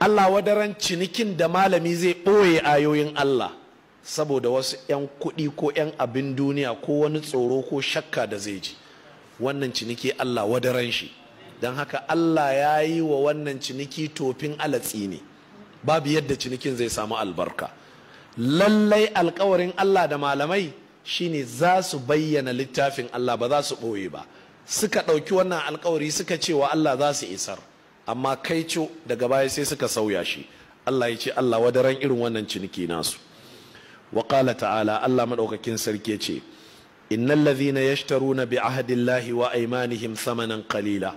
Allah wadaran cinikin da malami zai ɓoye ayoyin Allah saboda wasu 'yan kuɗi ko 'yan abin duniya ko wani tsoro ko shakka da zai ji wannan ciniki Allah wadaran shi don haka Allah ya yi wa wannan ciniki tofin alatsi ne babu yadda cinikin zai samu albarka lallai alkawarin Allah da malamai shine za su bayyana littafin Allah ba za su ɓoye ba suka ɗauki wannan alkawari suka ce wa Allah za su isar amma kai co daga baya sai suka sauya shi Allah ya ce Allah wadaran irin wannan ciniki nasu wa qala ta'ala Allah madaukakin sarki ce innal ladhina yashtaruna bi ahdillahi wa aymanihim thamanan qalila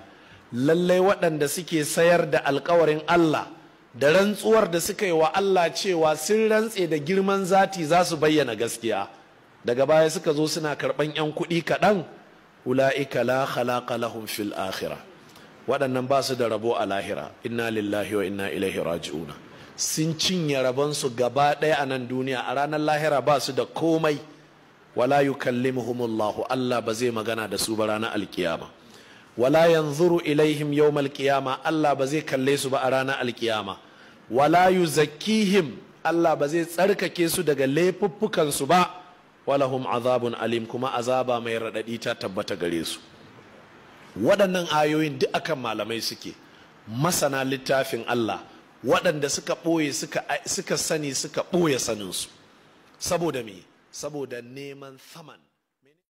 lallai waɗanda suke sayar da alkawarin Allah da rantsuwar da suka yi wa Allah cewa sun rantse da girman zati za su bayyana gaskiya daga baya suka zo suna karɓan 'yan kuɗi kaɗan ula'ika la khalaqa lahum fil akhirah waɗannan ba su da rabo a lahira inna lillahi wa inna ilaihi raji'una sun cinye rabonsu gaba ɗaya a nan duniya a ranar lahira ba su da komai wala yukallimuhumullahu Allah ba zai magana da su ba ranar alkiyama wala yanzuru ilaihim yawmal qiyama Allah ba zai kalle su ba a ranar alkiyama wala yuzakkihim Allah ba zai tsarkake su daga laifuffukansu ba walahum azabun alim kuma azaba mai raɗaɗi ta tabbata gare su waɗannan ayoyin duk akan malamai suke masana littafin Allah waɗanda suka ɓoye suka sani suka ɓoye saninsu saboda me saboda neman saman